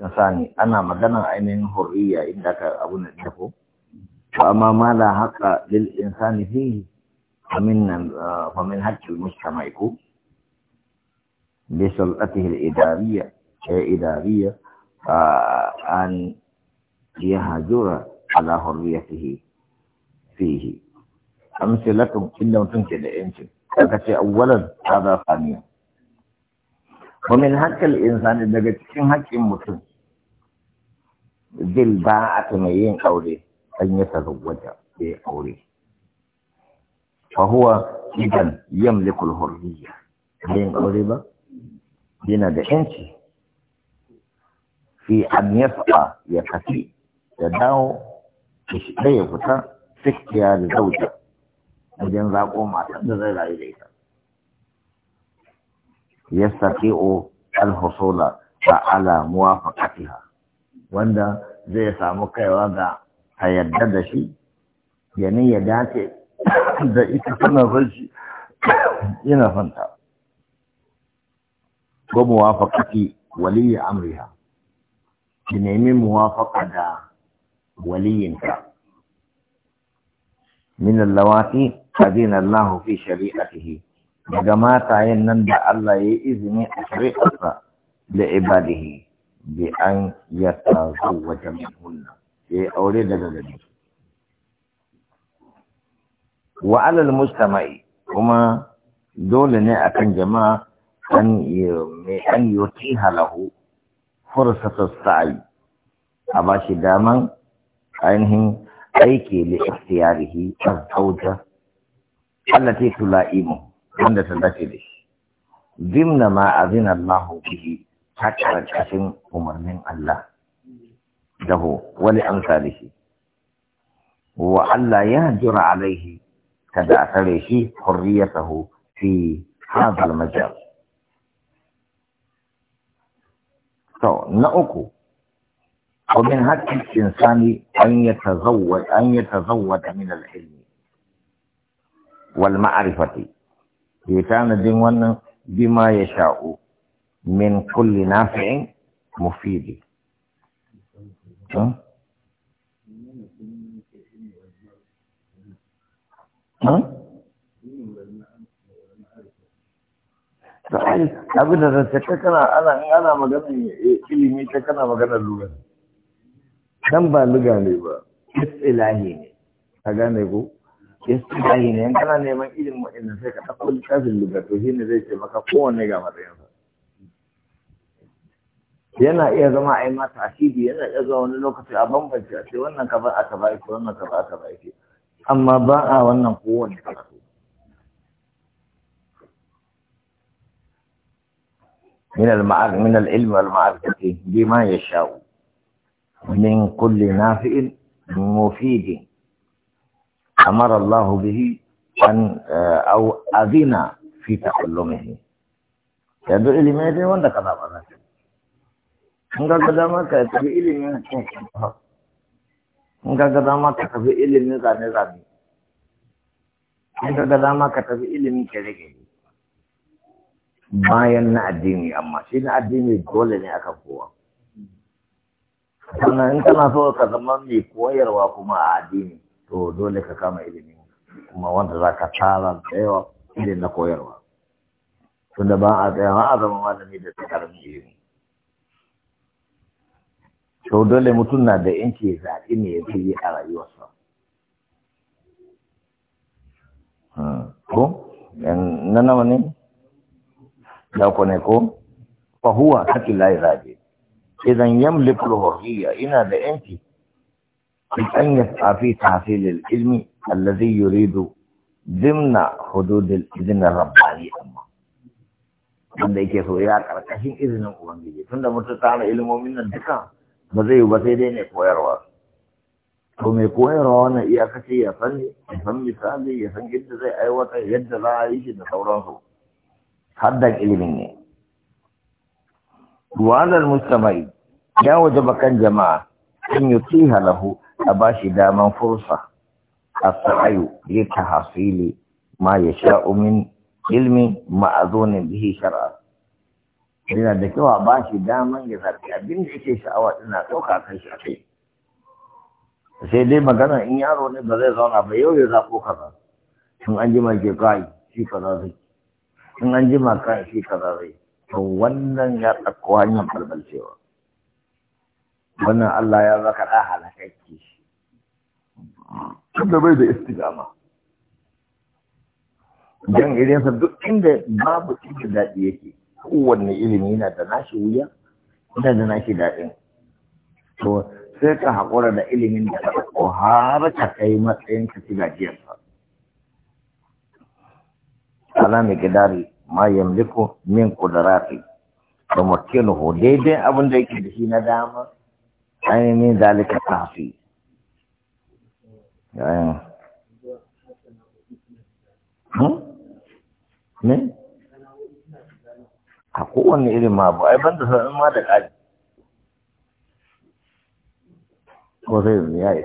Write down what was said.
insani ana magana ainihin hurriya inda ka abu na dafo to amma ma la haqa lil insani fi famin nan ah, famin haqqil mujtama'i ko bi sulatihi al idariyya idariya idariyya ah, an yahjura ala hurriyatihi fihi latin inda mutum ke da yancin kaga ce awwalan hada saniya ومن حق الإنسان daga cikin haƙƙin mutum bil ba'at mai yin aure an yi tazawwaja bai aure fa huwa idan yamliku al-hurriyya yin aure ba yana da yanci fi an yasa ya kafi da dawo da ya fita sikiya da zauja wajen zaƙo matan da zai rayu da ita Yasta yastati'u al-husula ta ala muwafaqatiha wanda zai samu kaiwa ga a yadda da shi yanin ya dace da ita tana son shi yana fanta ko muwafaqati waliyi amriha ki nemi muwafaka da waliyinka min lawati adina Allah fi shari'atihi daga matayen nan da Allah ya izini a shari'arsa da ibadihi bi an wajen minhunna yayi eh, aure daga gari wa alal mustama'i kuma dole ne a kan jama'a an mai an yutiha halahu fursatu sa'i a ba shi daman ainihin aiki tauta. Allah ta yi tula'i imu wanda ta dace da shi dimna ma azina Allahu bihi حتى الحكيم عمر من الله له ولأمثاله وعلى يهجر عليه تدعث عليه حريته في هذا المجال تو نأكو ومن حق الإنسان أن يتزود أن يتزود من العلم والمعرفة يتعلم بما يشاء min kulli nafi'in mufidi hmm? hmm? ta'ai abin da zance kai kana ana in ana magana eh, ilimi kai kana magana lura dan ba luga ne ba istilahi ne ka gane ko istilahi ne in kana neman ilimin wa'annan sai ka ɗauko zai kowanne ga matsayinsa yana iya zama a yi mata asidi yana iya zuwa wani lokaci a bambance a ce wannan ka ba a ka ba ita wannan ka ba a ka ba ita amma ba a wannan kowane karatu من المعارف من العلم والمعرفة بما يشاء من كل نافع مفيد أمر الله به أن أو أذن في تعلمه يدعو لماذا وأنت كذا in ga dama ka tafi ilimin in ga ga dama ka tafi ilimin zane zane in ga ga dama ka tafi ilimin kere kere bayan na addini amma shi na addini dole ne aka kowa sannan in kana so ka zama mai koyarwa kuma a addini to dole ka kama ilimi kuma wanda za ka tara da yawa ilimin na koyarwa tunda ba a tsayawa a zama malami da tsakarar ilimi to dole mutum na da yanci zaɓi ne ya yi a rayuwarsa hmm, ko na nawa ne da ne ko fahuwa haƙi layi idan yamlikul hurriya ina da yanci أن يسعى ilmi Allah zai yi rido. ضمن حدود izinin الرباني amma. wanda yake so ya karkashin izinin ubangiji tunda mutum ta hana ilimomin nan duka ba zai yi ba sai dai ne koyarwa to mai koyarwa wannan iya ce ya san ya san misali ya san yadda zai aiwata yadda za a yi shi da sauransu haddan ilimin ne Ruwanar mustamai ya waje bakan jama'a in yi fi halahu. a ba shi daman fursa a sa'ayu ya ta hasili ma ya sha'umin ilmi ma'azonin bihi shar'a yana da kyau a ba shi daman ya zaɓi abin da yake sha'awa ina ɗauka kan shi a sai dai magana in yaro ne ba zai zauna ba yau ya zaɓo kaza in an jima ke kai shi kaza zai in an jima kai shi kaza zai to wannan ya ɗauko hanyar balbalcewa wannan Allah ya zaka ɗa halakakki shi da bai da istigama don sa duk inda babu cikin daɗi yake kowanne ilimi yana da nashi wuya yana da nashi daɗin to sai ka haƙura da ilimin da ka ɗauko har ka kai matsayin ka ci gajiyarsa mai gidari ma yamliku min kudarati wa makinuhu daidai abin da yake da shi na dama ainihin zalika kafi ne? kowanne irin ma abu ai ban da sanin ma da ƙari ko zai ya yi